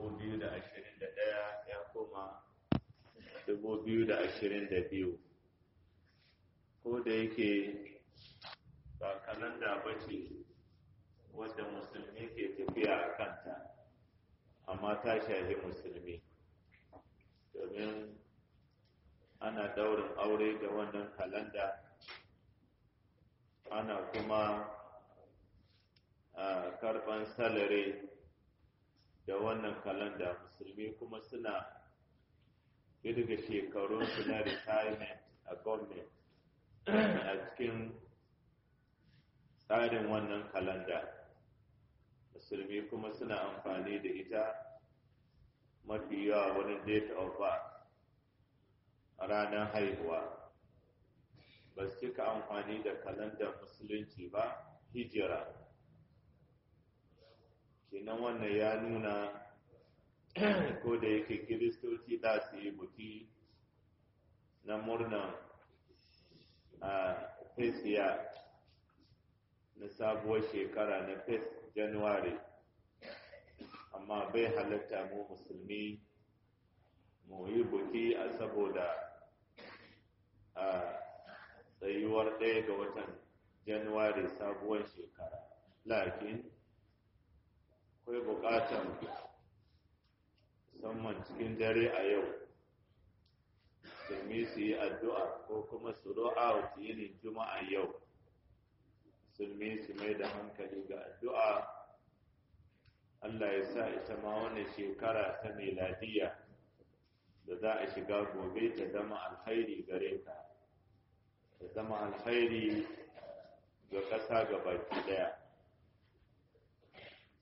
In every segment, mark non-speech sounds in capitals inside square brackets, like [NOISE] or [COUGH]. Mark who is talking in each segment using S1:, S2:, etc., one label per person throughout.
S1: 2021 ya koma 2022 ko da yake ba kalanda ba ce wadda musulmi ke tafiya a kanta amma ta shafi musulmi domin ana daurin aure da wannan kalanda ana kuma ah, karban salari da wannan kalanda musulmi kuma suna kirga shekarun suna na retirement a government a cikin tsarin wannan kalanda musulmi kuma suna amfani da ita mafi yawa wani date of birth a ranar haihuwa ba su cika amfani da kalandar musulunci ba hijira kenan wannan ya nuna [CLEARS THROAT] ko da yake kiristoci da su yi buki na murnan a fesiya na sabuwar shekara na fes januwari amma bai halatta mu musulmi mu yi buki a saboda a tsayuwar ɗaya ga watan januwari sabuwar shekara lakin akwai bukatan musamman cikin dare a yau musulmi su yi addu'a ko kuma su ro'a su yi juma'a yau musulmi su mai da hankali ga addu'a Allah ya sa ita ma wani shekara ta miladiya da za a shiga gobe ta zama alhairi gare ta zama alhairi ga ƙasa ga baki ɗaya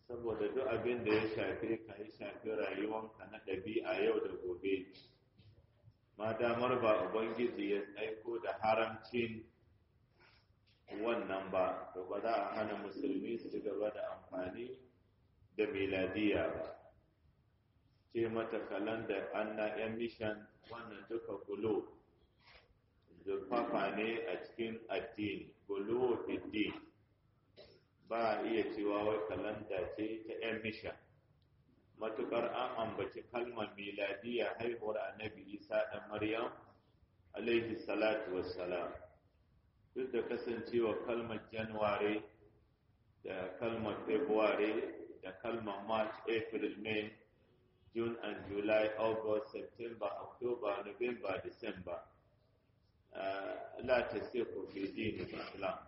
S1: saboda duk abin da ya shafe ka yi shafi rayuwanka na ɗabi'a yau da gobe ma damar ba ubangiji ya aiko da haramcin wannan ba to ba za a hana musulmi su ci gaba da amfani da miladiya ba ce mata kalandar anna yan mishan wannan duka gulo zurfafa ne a cikin addini gulo fiddini ba a iya cewa wai kalanda ce ta ‘yan misha matuƙar an ambaci kalmar miladiya haihuwar annabi isa ɗan maryam alaihi salatu wassalam duk da kasancewa kalmar januware da kalmar february da kalmar march april may june and july august september october november december uh, la latin sai kofi dinin islam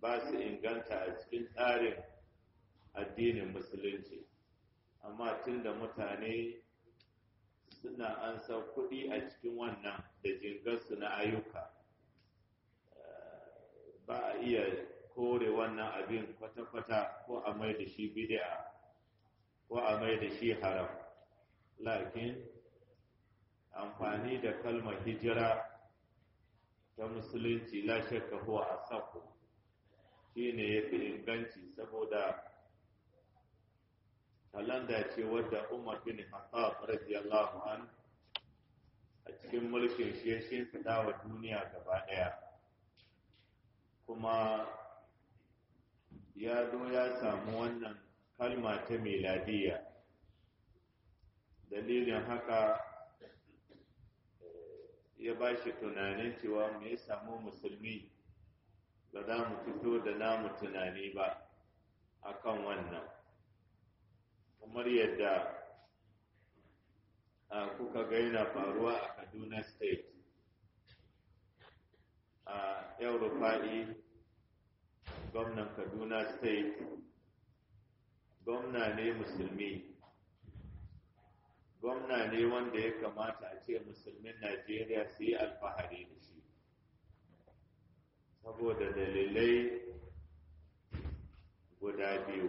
S1: ba su inganta a cikin tsarin addinin musulunci amma tun da mutane suna an san kuɗi a cikin wannan da jingarsu na ayyuka eh, ba a iya kore wannan abin kwata-kwata ko a mai da shi bid'a ko a mai da shi haram lakin amfani da kalmar hijira ta musulunci la shakka huwa asafu shi ne ya fi inganci saboda kalanda ce wadda umar bin khattab radiyallahu an a cikin mulkin shi ya wa duniya gaba ɗaya kuma ya zo ya samu wannan kalma ta meladiya dalilin haka eh, ya ba shi tunanin cewa mai samu musulmi ba za mu fito da namu tunani ba akan wannan kamar yadda a kuka gaina faruwa a kaduna state a yau rufa'i gwamnan kaduna state gwamna ne musulmi gwamna ne wanda ya kamata a ce musulmin najeriya su yi alfahari da shi saboda dalilai guda biyu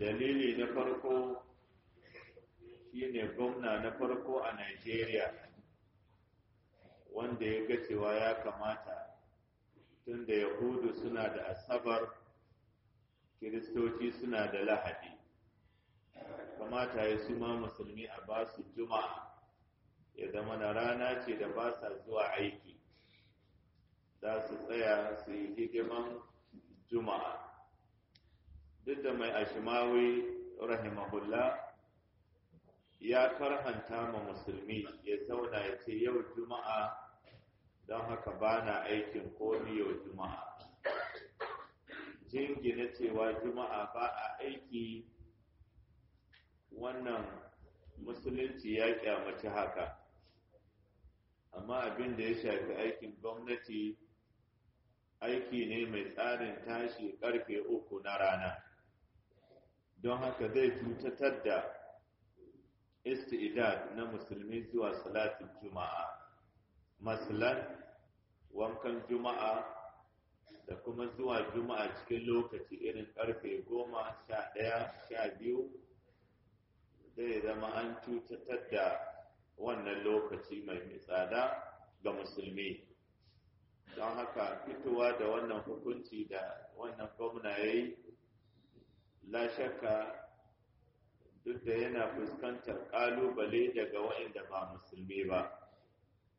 S1: dalili na farko shi ne gwamna na farko a Najeriya wanda ya ga cewa ya kamata tun da yahudu suna da asabar kiristoci suna da lahadi kamata ya su ma musulmi a basu juma'a ya zama na rana ce da ba sa zuwa aiki za su tsaya su yi hikiman juma'a duk da mai ashimawi rahimahullah ya karhanta ma musulmi ya zauna ya ce yau juma'a don haka ba na aikin komi yau juma'a jingina cewa juma'a ba a aiki wannan musulunci ya kyamaci haka amma abin da ya shafi aikin gwamnati aiki ne mai tsarin tashi karfe uku na rana don haka zai cutatar da istidad na musulmi zuwa salatin juma'a maslan wankan juma'a da kuma zuwa juma'a cikin lokaci irin karfe goma sha ɗaya sha biyu zai zama an cutatar da wannan lokaci mai tsada ga musulmi don haka fitowa da wannan hukunci da wannan gwamna ya yi lashaka shakka duk da yana fuskantar ƙalubale daga waɗanda ba musulmi ba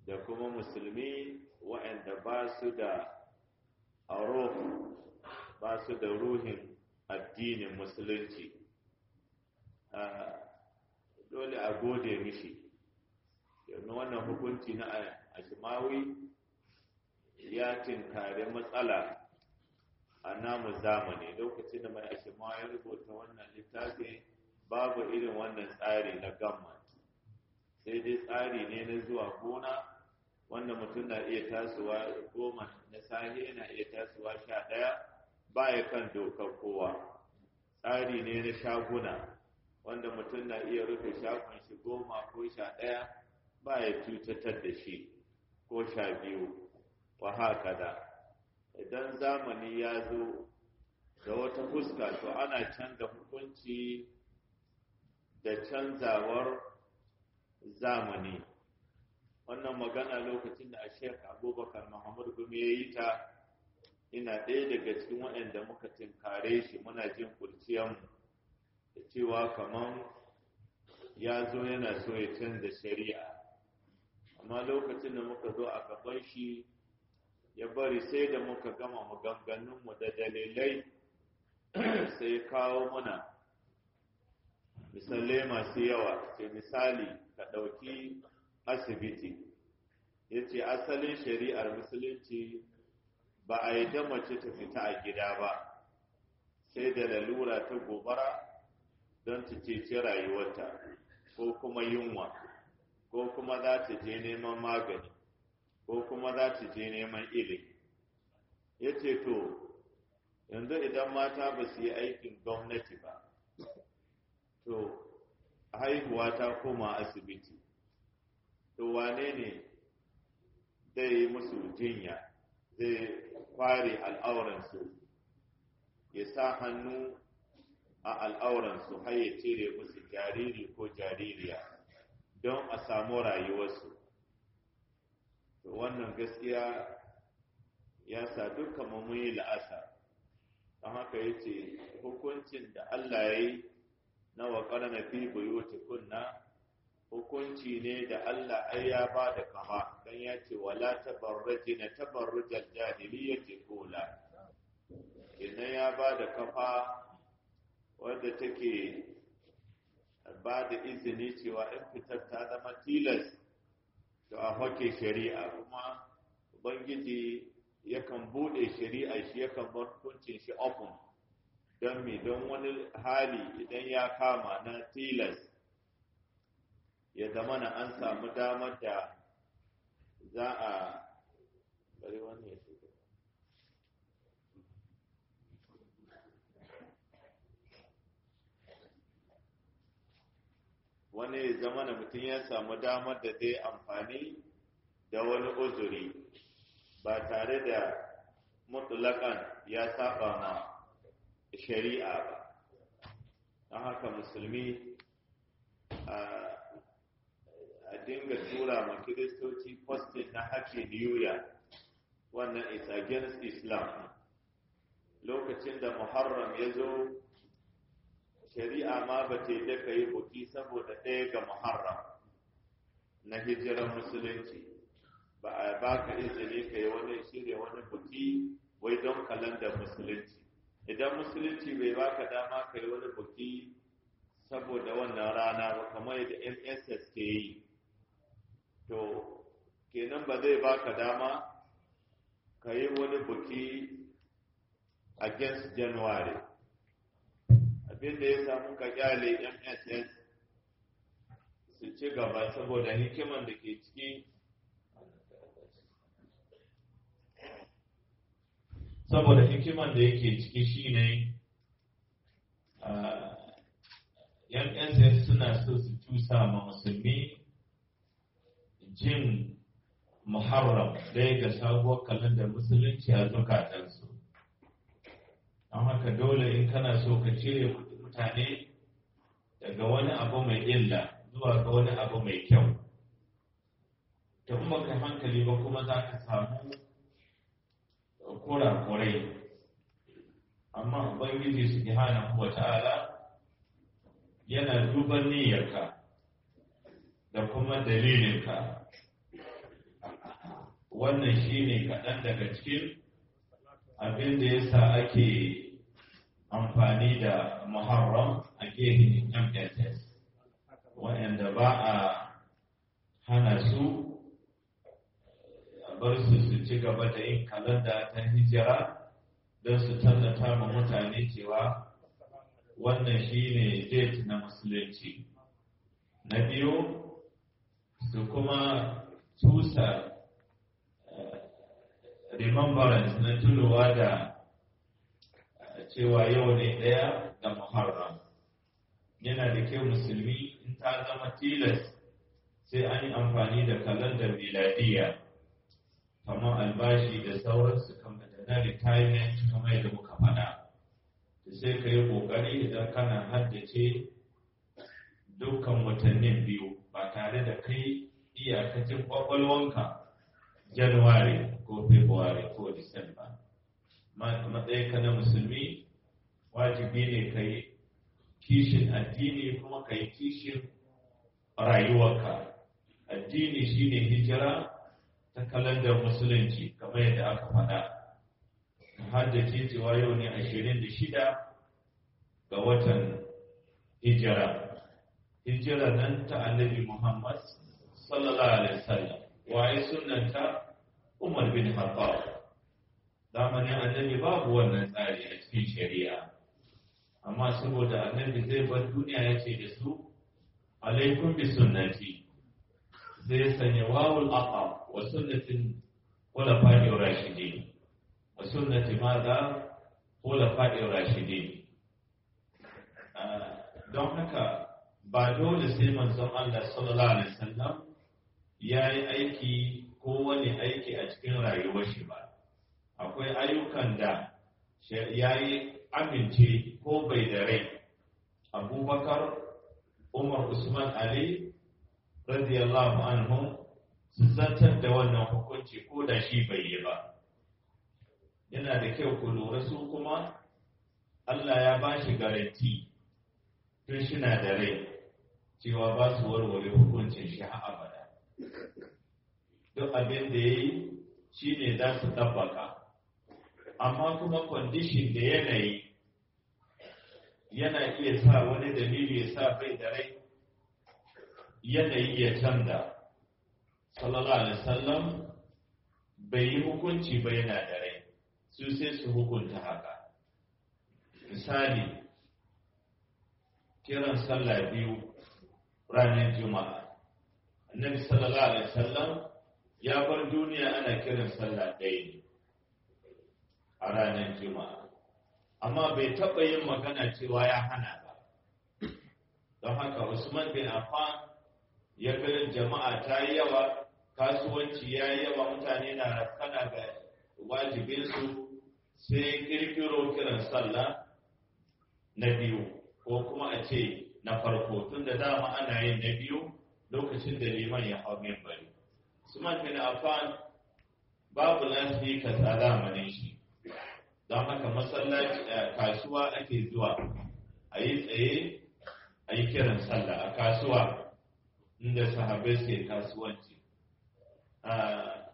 S1: da kuma musulmi waɗanda ba su da arof ba su da ruhin addinin musulunci dole a gode mishi yanzu wannan hukunci na ashimawi ya tinkare matsala a namu zamani lokacin da mai ake ma ya rubuta wannan littafi babu irin wannan tsari na gamman sai dai tsari ne na zuwa gona wanda mutum na iya tasowa goma na sahi yana iya tasowa sha ɗaya ya kan dokar kowa tsari ne na shaguna wanda mutum na iya rufe shagon shi goma ko sha ɗaya ya cutatar da shi ko sha biyu wa hakada idan zamani ya zo da wata fuska to ana canza hukunci da canzawar zamani wannan magana lokacin da a sheka abubakar muhammad gumi ya yi ta ina ɗaya daga cikin waɗanda muka tinkare shi muna jin kurciyanmu da cewa kamar ya zo yana so ya canza shari'a amma lokacin da muka zo a gaban shi ya bari sai da muka gama maganganunmu da dalilai [CLEARS THROAT] sai kawo mana. misalai masu yawa ce misali ka ɗauki asibiti ya ce asalin shari'ar musulunci ba a yi mace ta fita a gida ba sai da lalura ta gobara don ta cece rayuwarta ko kuma yunwa ko kuma za ta je neman magani ko kuma za ta je neman ilimi ya ce to yanzu idan mata ba su yi aikin gwamnati ba to haihuwa ta koma asibiti to wane ne zai yi musu jinya zai kware al'auransu ya sa hannu a al'auransu har ya cire musu jariri ko jaririya don a samu rayuwarsu to wannan gaskiya ya sa dukkan mu yi la'asa a haka ya ce hukuncin da Allah ya yi na waƙar na fi buyoti kunna hukunci ne da Allah ai ya ba da kama don ya ce wala tabarraji na tabarrujar jahiliyyar kola Ina ya ba da kafa wadda take ba da izini cewa in fitar ta zama tilas to a hake shari'a kuma ubangiji yakan bude shari'a shi yakan bar hukuncin shi open don me don wani hali idan ya kama na tilas ya zama na an samu damar da za a bari wani ya wani ya zama na mutum ya samu damar da zai amfani da wani uzuri ba tare da mutulakan ya saba ma shari'a ba don haka musulmi a dinga tura ma kiristoci postin na happy new year wannan is islam lokacin da muharram ya zo shari'a ma ba ta da ka yi buki saboda ɗaya ga muharram na hijirar musulunci ba a ba ka izini ka yi wani shirya wani buki wai don kalan da musulunci idan musulunci bai ba ka dama ka yi wani buki saboda wannan rana ba kamar yadda nss ke yi to kenan ba zai ba ka dama ka yi wani buki against january abinda ya samu ka kyale MSN su ci gaba saboda hikiman da ke ciki saboda hikiman da yake ciki shine MSN suna so su cusa ma musulmi jin muharram ɗaya ga sabuwar da musulunci a zukatansu don haka dole in kana so ka cire mutane daga wani abu mai illa zuwa ga wani abu mai kyau ta kuma kai hankali ba kuma za ka samu kurakurai amma ubangiji su jihana kuwa ta'ala yana duba niyyarka da kuma dalilinka wannan shi ne kaɗan daga cikin abin da yasa ake amfani da muharram a gefen mss waɗanda ba a hana su bar su su ci gaba da yin kalanda ta hijira don su tallata ma mutane cewa wannan shi ne date na musulunci na biyu su kuma tusa eh, remembrance na tunowa da cewa yau ne ɗaya da muharram yana da kyau musulmi in ta zama tilas sai an yi amfani da kalandar miladiya kamar albashi da sauransu kamar da na retirement kamar yadda muka faɗa da sai ka yi ƙoƙari idan kana haddace dukkan watannin biyu ba tare da kai iyakacin ƙwaƙwalwanka januwari ko february ko disamba ka na musulmi wajibi ne ka yi kishin addini kuma ka yi kishin
S2: rayuwarka
S1: addini shine hijira
S2: ta kalandar musulunci kamar yadda aka faɗa
S1: har da cewa yau ne ashirin ga watan hijira hijira nan ta annabi muhammad sallallahu alaihi wasallam waye sunanta umar bin khattab zamanin annabi babu wannan tsari a cikin shari'a amma saboda annabi zai bar duniya ya ce da su alaikum bi sunnati zai sanya wawul aqa wa sunnatin wala fadi rashidin wa sunnati madha wala fadi rashidi. Ah, don haka ba dole sai manzon Allah sallallahu alaihi wasallam ya yi aiki ko wani aiki a cikin rayuwar shi ba akwai ayyukan da ya yi amince ko bai da rai abubakar umar usman ali radiyallahu anhu su zartar da wannan hukunci ko da shi bai yi ba yana da kyau ku lura su kuma allah ya ba shi garanti tun shina da rai cewa ba su warware hukuncin shi a abada duk abin da ya yi shi ne za su tabbaka amma kuma kwandishin da yanayi yana iya sa wani dalili ya sa bai da rai yanayi ya canza sallallahu alaihi wasallam bai yi hukunci ba yana da rai su sai su hukunta haka misali kiran sallah biyu ranar juma'a annabi sallallahu alaihi wasallam ya bar duniya ana kiran sallah ɗaya ne a ranar juma'a amma bai taɓa yin magana cewa ya hana ba don haka usman bin affan ya ganin jama'a ta yi yawa kasuwanci ya yi yawa mutane na kala ga wajibinsu sai kirkiro kiran sallah na biyu ko kuma a ce na farko tun da dama ana yin na biyu lokacin da liman ya hau min bari. Usman bin Afan babu lasfika sa zamanin shi don haka masallaci eh, kasuwa ake zuwa a yi tsaye a yi kiran sallah a kasuwa inda sahabai suke kasuwanci ah,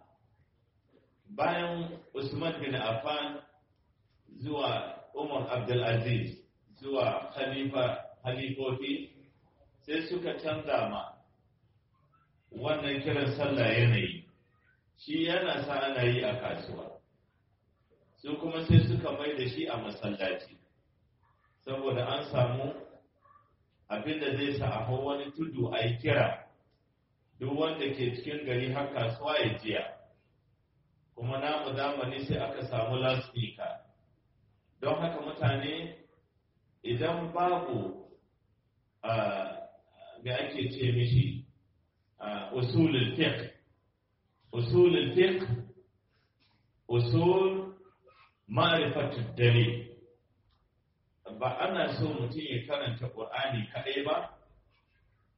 S1: bayan usman bin affan zuwa umar abdulaziz zuwa khalifa halifofi sai suka canza ma wannan kiran sallah yanayi shi yana sa yi a kasuwa su kuma sai suka mai da shi a masallaci saboda an samu abinda zai sa a hau wani tudu a yi kira duk wanda ke cikin gari har kasuwa ya jiya kuma na mu zamani sai aka samu lasfika don haka mutane idan babu da ake ce mishi usulul fiqh usulul fiqh usul ma'rifatu dare ba ana so mutum ya karanta ƙwa'ani kaɗai ba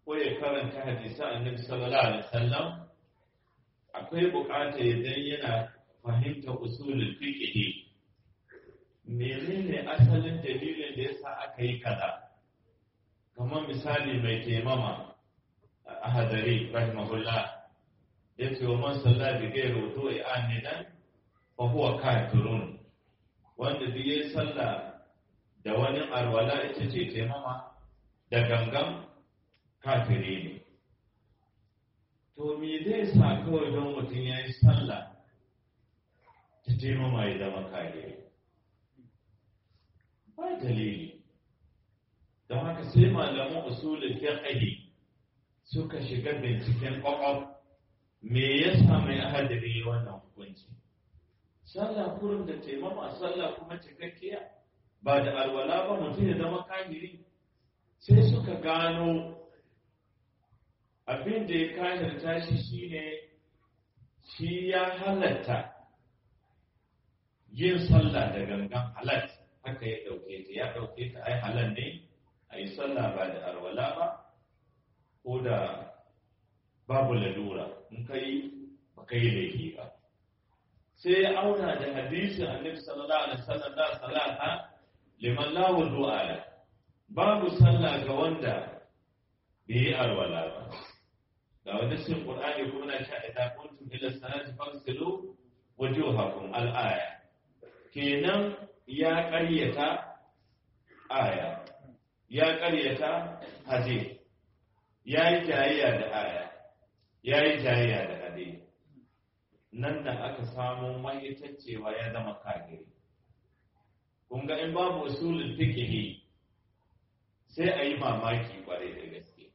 S1: ko ya karanta hadisa a nan sallallahu alaihi wasallam akwai buƙatar idan yana fahimta usulin fiqh menene asalin dalilin da yasa aka yi kaza kamar misali mai taimama a hadari rahimahullah ya ce wa man sallah bi ya wudu'i anidan fa huwa kafirun wanda duk ya sallah da wani alwala ita ce taimama da gangan kafire ne to me zai sa kawai don mutum ya yi sallah ta taimama ya zama kafire ba dalili don haka sai malaman usulul fiqh suka shiga binciken kwakwaf me yasa mai ahadari wannan hukunci sallah kurin da a sallah kuma cikakkiya ba da alwala ba mutum ya zama kahiri sai suka gano abin da ya kahirta shi shine shi ya halatta yin sallah da gangan halat haka ya ɗauke ta ya ɗauke ta ai halal ne a yi sallah ba da alwala ba ko da babu lalura in ka yi ba kai da ke ba sai ya auna da hadisin annabi sallallahu alaihi wasallam da salata liman lawon wudu ala babu sallah ga wanda bai yi alwala ba ga wanda cikin qur'ani kuma na sha ita kuntun ila salati fasilu wajen hakun aya kenan ya ƙaryata aya ya ƙaryata hadisi
S2: ya yi jayayya da aya
S1: ya yi jayayya da hadisi nan da aka samu mayyacewa ya zama kagiri kun ga in babu usulul fiqhi sai a yi mamaki kwarai da gaske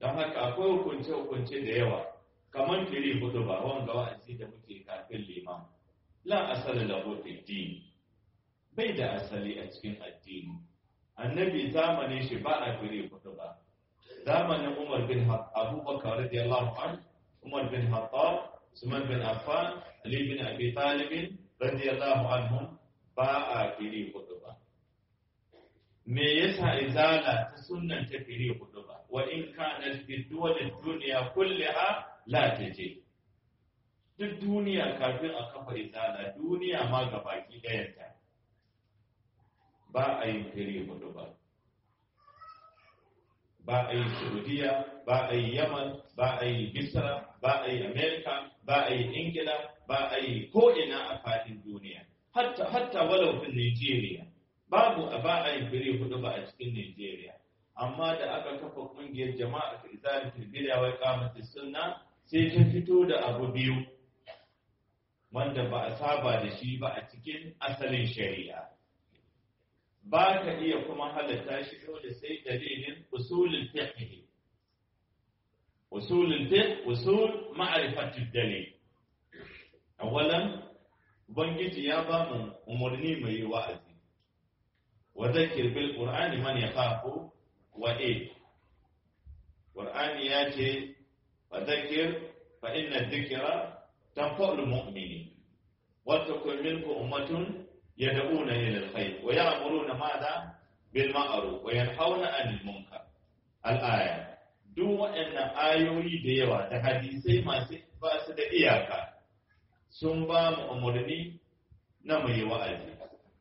S1: don haka akwai hukunce hukunce da yawa kamar firi hudu ba wanga wa'azi da muke kafin liman la asali lahu din. bai da asali a cikin addini annabi zamanin shi ba a firi hudu ba
S2: zamanin umar bin abubakar radiyallahu anhu umar bin hattab Usman bin Affan, Ali bin Abi Talib radhiyallahu
S1: anhum ba a fili hudu ba. Me yasa izala ta sunnan ta fili hudu ba? Wa in kana fi duwalin duniya kulliha la taje. Duk duniya kafin a kafa izala, duniya ma gabaki ɗayanta. Ba a yin fili hudu ba. ba a yi Saudiya, ba a yi Yaman, ba a yi Bisra, ba a yi Amerika, ba a yi ingila ba a yi ko'ina a faɗin duniya hatta hatta walau fi nigeria babu a ba a yi hudu ba a cikin nigeria amma da aka kafa ƙungiyar jama'a ta izalin tilbiliya wai kamata sunna sai ta fito da abu biyu wanda ba a saba da shi ba a cikin asalin shari'a ba ka iya kuma halatta shi dole sai وصول الفقه وصول معرفة الدليل أولا بنجد يا بام أمرني مي وعدي وذكر بالقرآن من يخاف وإيه قرآن ياتي وذكر فإن الذكر تنفع المؤمنين ولتكن منكم أمة يدعون إلى الخير ويأمرون ماذا بالمعروف وينحون عن المنكر الآية duk waɗannan ayoyi da yawa ta hadisai masu ba su da iyaka sun ba mu umarni na mai wa'azi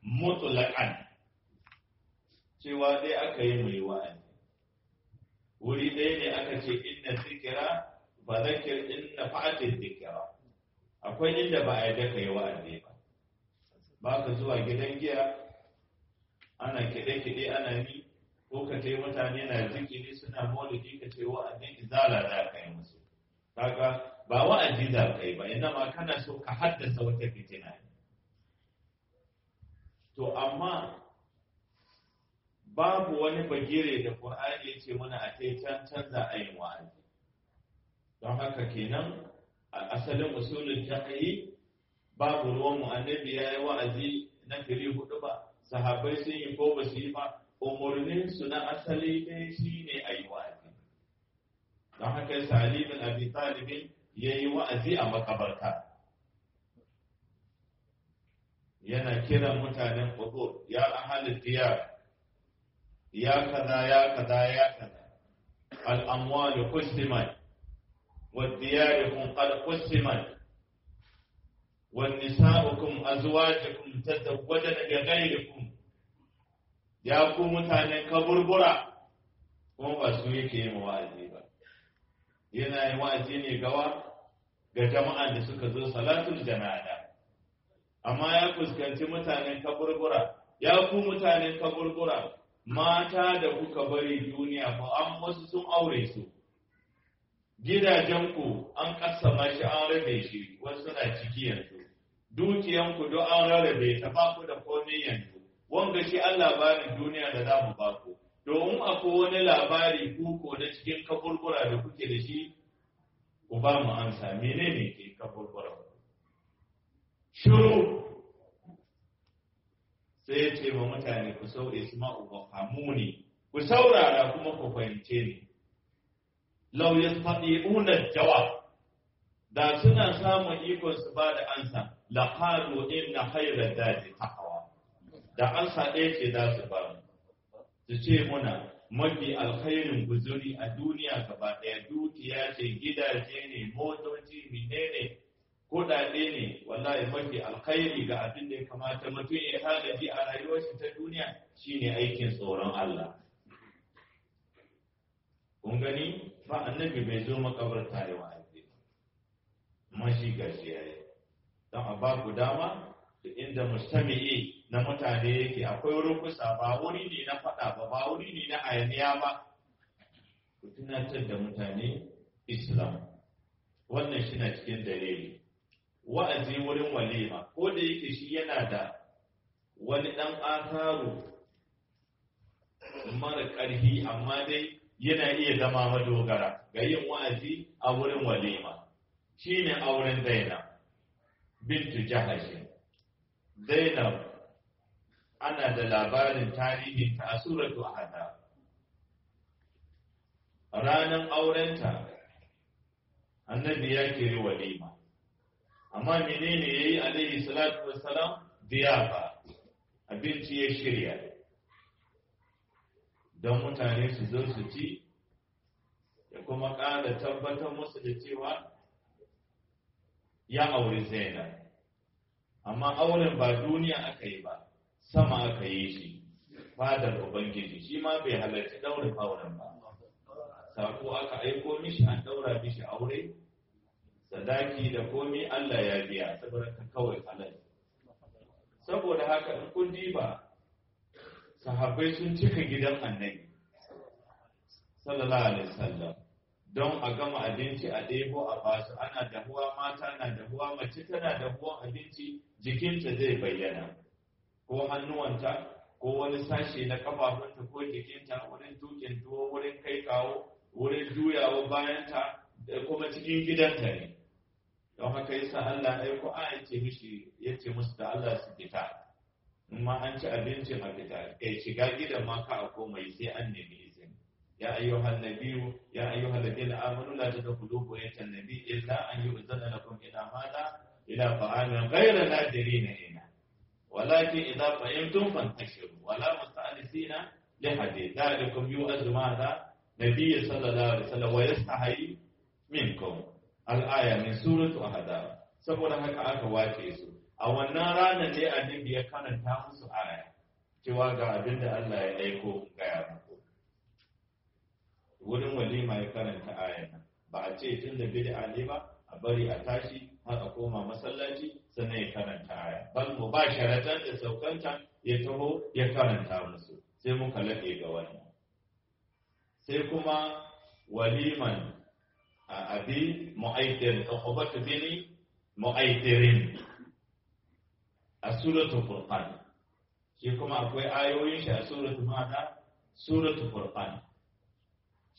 S1: mutulakan cewa dai aka yi mai wa'azi wuri ɗaya ne aka ce inna zikira ba zakir inna fa'atin zikira akwai inda ba a yi daga yi wa'azi ba ba ka zuwa gidan giya ana kiɗe-kiɗe ana yi. ko ka ce mutane na zikiri suna maulidi ka ce wa'adin izala za ka yi musu kaga ba wa'adi za ka yi ba inda ma kana so ka haddasa wata fitina ne to amma babu wani bagire da Qur'ani ya ce mana a kai can canza ayin wa'azi don haka kenan a asalin usulin taqiyi babu ruwan mu annabi yayi wa'azi na fili hudu ba sahabbai sun yi ko ba su yi ba umarninsu na asali ɗaya shi ne a yi wa'azi don haka Salimin bin abi talibin ya yi wa'azi a makabarta yana kiran mutanen ƙudur ya ahalin diyar ya kaza ya kaza ya da kaza al'amwalu kusiman والدياركم قد قسمت ونساؤكم أزواجكم تزوجن بغيركم ya ku mutanen kaburbura kuma ba su yake yin wa'azi ba yana yin wa'azi ne gawa ga jama'a da suka zo salatul jana'a amma ya fuskanci mutanen kaburbura ya ku mutanen kaburbura mata da kuka bari duniya ba an wasu sun aure su gidajenku an ma shi an rabe shi wasu na ciki yanzu dukiyanku duk an rarrabe ta ba ku da komai yanzu wanda shi an labarin duniya da za mu bako domin akwai wani labari kuko na cikin kaburbura da kuke da shi ku ba mu amsa, menene ke kaburbura shiru sai ya ce wa mutane ku sau isma'u famu ne, ku saurara kuma ku fahimce ni faɗi unar jawab da suna samun ikon su ba da ansa la qalu inna khayra dadi taqwa da alfa ɗaya ce za su ba su ce muna mafi alkhairin guzuri a duniya gaba ɗaya dukiya ce gidaje ne motoci menene kuɗaɗe ne wallahi mafi alkhairi ga abin da ya kamata mutum ya halaji a rayuwar ta duniya shine aikin tsoron Allah kun gani ba annabi bai zo makabarta a aiki mashi gashi yi. don a ba ku dama da inda mustami'i na mutane yake akwai wurin kusa ba wuri ne na faɗa ba ba wuri ne na hayaniya ba ku tunatar da mutane islam wannan shi na cikin dalili wa'azi wurin walima ko da yake shi yana da wani ɗan akaru mara ƙarfi amma dai yana iya zama madogara ga yin wa'azi a wurin walima shi ne auren zainab bintu jahashi zainab ana da labarin tarihi ta suratu ahada ranar aurenta annabi ya kiri walima amma menene yayi alaihi salatu wassalam diyafa abinci ya shirya don mutane su zo su ci ya kuma ƙara tabbatar musu da cewa ya auri zainab amma auren ba duniya aka yi ba sama aka yi shi fadar ubangiji shi ma bai halarci daurin auren ba sako aka aiko mishi an daura mishi aure sadaki da komi Allah ya biya saboda kawai halar. saboda haka in kun diba sahabbai sun cika gidan annabi sallallahu alaihi wasallam don a gama abinci a ɗebo a basu ana dahuwa mata na dahuwa mace tana dahuwan abinci jikinta zai bayyana ko hannuwanta ko wani sashe na kafafunta ko jikinta wurin tukin tuwo wurin kai kawo wurin juyawa bayanta da kuma cikin gidanta ne don haka yasa Allah ya ko a ce mishi yace musu da Allah su fita Amma an ci abincin a fita kai shiga gidan ma ka komai sai an nemi izini ya ayyuhan nabiyyu ya ayyuhal ladina amanu la tadkhulu buyatan nabiy illa an yu'zana lakum ila ma la ila fa'alan ghayra nadirina ولكن إذا فهمتم فانتشروا ولا مستأنسين لحديث ذلكم يؤذ ماذا نبي صلى الله عليه min ويستحي منكم الآية من سورة أحداث saboda haka aka wace su a wannan ranar ne a annabi ya karanta musu aya cewa ga abin da Allah ya aiko gaya muku
S2: wurin walima ya karanta aya ba a ce tun da bid'a ne ba a bari a tashi
S1: har a koma masallaci sannan ya karanta aya bal mu ba sharatan da saukanta ya taho ya karanta musu sai muka laɗe ga wannan sai kuma waliman a abi mu'aidirin ukubatu bini mu'aidirin a suratul furqan shi kuma akwai ayoyin shi a suratul ma'ada suratul furqan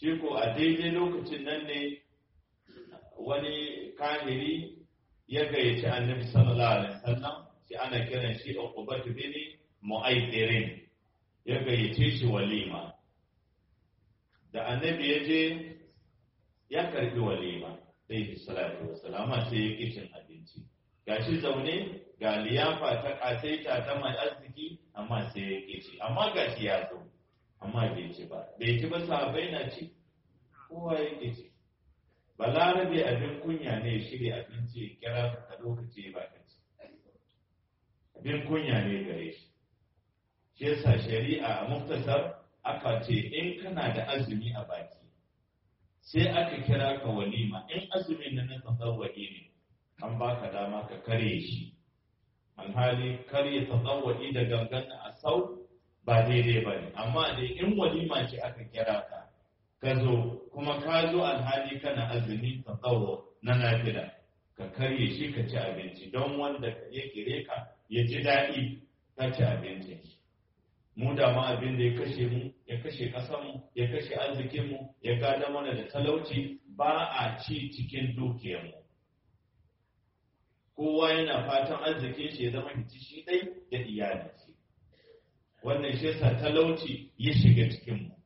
S1: shi ko a daidai lokacin nan ne wani kahiri ya gayyaci annabi sallallahu alaihi wasallam shi ana kiran shi ubat bin mu'aydirin ya gayyace shi walima da annabi ya je ya karbi walima alaihi salatu sai ya kishin abinci gashi zaune ga liyafa ta kasaita ta mai arziki amma sai ya kishi amma gashi ya zo amma bai ci ba bai ci ba sahabbai na ci kowa ya kishi balarabe abin kunya ne shirya abinci kira ka lokaci ba ka ci abin kunya ne gare shi shi yasa shari'a a muftasar aka ce in kana da azumi a baki sai aka kira ka walima in azumin na nan tsawwaɗi ne an baka dama ka kare shi alhali karya tsawwaɗi da gangan a sau ba daidai ba ne amma dai in walima ce aka kira ka ka zo kuma ka zo alhali kana azumi ka tsawo na nafila ka karye shi ka ci abinci don wanda ya kire ka ya ji daɗi ka ci abinci mu da ma abin da ya kashe mu ya kashe ƙasanmu ya kashe arzikinmu ya gada mana da talauci ba a ci cikin dukiyarmu kowa yana fatan arzikin shi ya zama hici shi ɗai da iyali wannan shi yasa talauci ya shiga cikinmu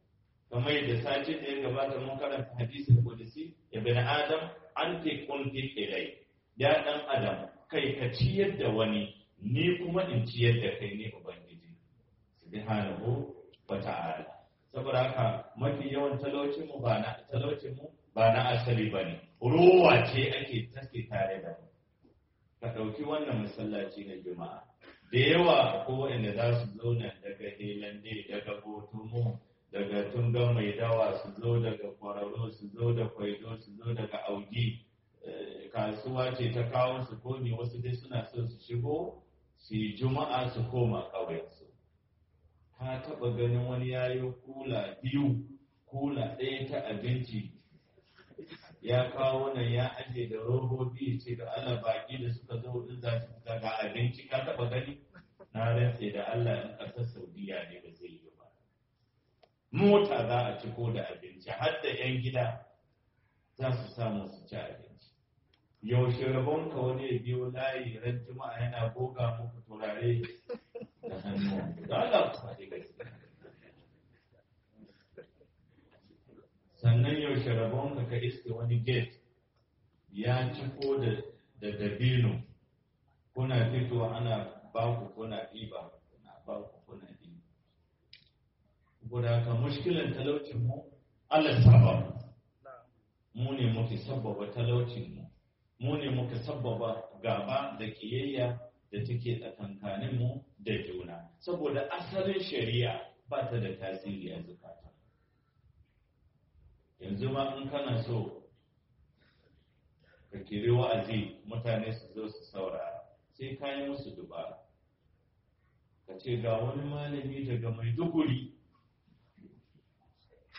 S1: kamar yadda sace da ya gabata mun karanta hadisin ya bin adam anti kunti ilai ya dan adam kai ka ciyar da wani ni kuma in ciyar da kai ne ubangiji subhanahu wa ta'ala saboda haka mafi yawan talaucin mu ba na talaucin mu ba na asali bane ruwa ce ake take tare da mu
S2: ka ɗauki wannan masallaci na juma'a
S1: da yawa ko wanda za su zauna daga helande daga botomo daga ga mai dawa su zo daga kwararo su zo da kwaido su zo daga auge eh, kasuwa ce ta kawo su ko ne wasu dai suna so su shigo su yi juma'a su koma ƙauyensu ta taɓa ganin wani yayo kula biyu kula ɗaya ta abinci ya kawo nan ya ajiye da robobi ce da Allah baki da suka zo wurin daga abinci ka taɓa gani na rantse da Allah in ƙasar Saudiya ne ba zai yi mota za a ciko da abinci har da 'yan gida za su samu su ci abinci yaushe ka wani ya biyo layi ran jima'a yana goga muku turare da hannu da Allah ku faɗi gaskiya sannan yaushe rabon ka iske wani gate ya ciko da dabino kuna fitowa ana baku kuna ɗiba kuna baku guda ka mushkilan talaucin mu Allah sabab mu ne muke sabbaba talaucin mu mu ne muke sabbaba gaba da kiyayya da take tsakankanin mu da juna saboda asalin shari'a ba ta da tasiri a zukata yanzu ma in kana so ka kiri wa'azi mutane su zo su saurara sai ka yi musu dubara ka ce ga wani malami daga mai duguri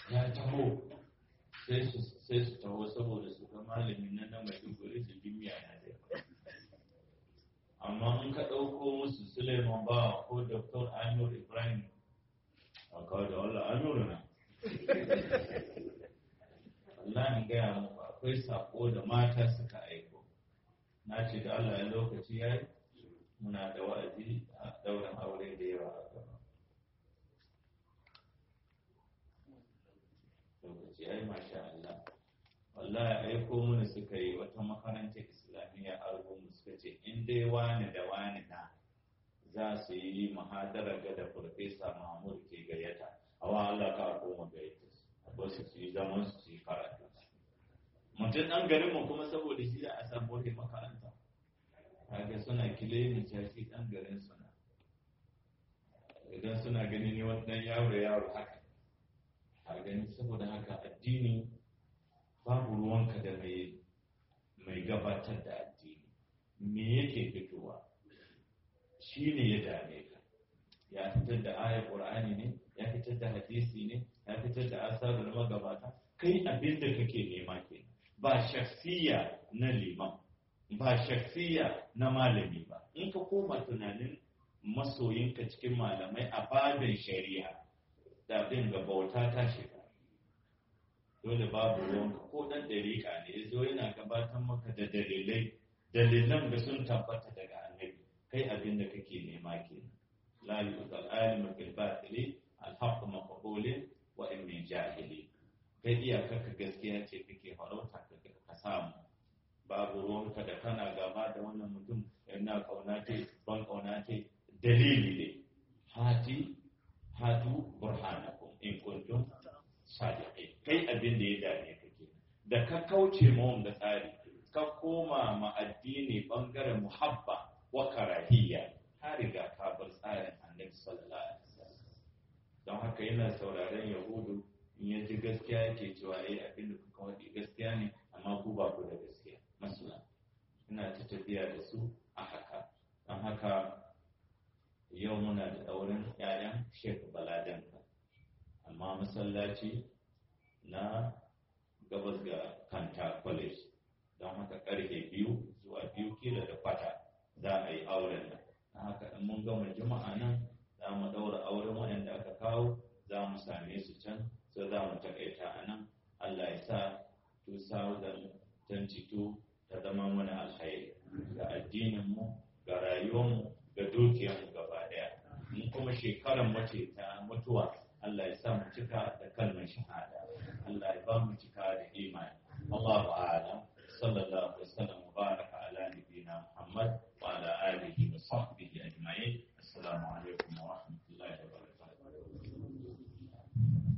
S1: ya taho sai su sai su taho saboda su ga malamin nan na mai duburi da jimiya na dai amma in ka ɗauko musu Suleiman ba ko Dr. Amir Ibrahim a kawai da Allah Amir na Allah in gaya mu akwai sako da mata suka aiko na ce da Allah ya lokaci yayi
S2: muna da wa'azi a dauran aure
S1: masha Allah wallahi aiko mana suka yi wata makarantar islamiyya a rubutu suka ce in dai wani da wani na za su yi mahadara ga da farfesa mahmud ke gayyata wa Allah ka koma gayyata ba su su yi zaman su yi karatu mutum ɗan garin mu kuma saboda shi da a sabuwar makaranta kaga suna kilimin shi ɗan garin suna idan suna gani ne wannan yaro yaro haka a gani saboda haka addini babu ruwanka da mai gabatar da addini me yake fitowa shi ne ya dame ka ya fitar da ayar ƙur'ani ne ya fitar da hadisi ne ya fitar da asarar magabata kai abin da kake nema ke ba shaksiya na liman ba shaksiya na malami ba in ka koma tunanin masoyinka cikin malamai a babin shari'a tafin ga bauta ta shiga dole babu ruwanka ko ɗan dariƙa ne zo yana gabatar maka da dalilai dalilan da sun tabbata daga annabi kai abin da kake nema ke la yuzal alim bil batili al haqq maqbulin wa in min jahili kai iya ka gaskiya ce kake farauta ka samu babu ruwanka da kana gaba da wannan mutum yana kauna ce ban kauna ce dalili ne hati Hadu burhanakum in kuntum sadiqin kai abin da ya dame ka ke da ka kauce mawun da tsari ka koma ma addini bangaren muhabba wa karahiyya ka riga ka bar tsarin annabi sallallahu alaihi don haka yana sauraron yahudu in ya ji gaskiya yake cewa yayi eh, abin da kuka wadi gaskiya ne amma ku ba ku da gaskiya masala ina ta tafiya da su a haka don haka yau muna da ɗaurin 'ya'yan Sheikh Baladanka amma masallaci na gabas ga Kanta College don haka ƙarfe biyu zuwa biyu kila da kwata za a yi auren nan na haka in mun gama jima'a nan za mu ɗaura auren waɗanda aka kawo za mu same su can sai za mu taƙaita a nan Allah ya sa 2022 ta zama mana alhaye. ga addininmu ga rayuwarmu ga dukiyarmu mu kuma shekaran mace ta mutuwa Allah ya sa mu cika da kalmar shahada Allah ya ba mu cika da imani Allahu a'lam sallallahu alaihi wasallam baraka ala nabiyina Muhammad wa ala alihi wa sahbihi ajma'in assalamu alaikum wa rahmatullahi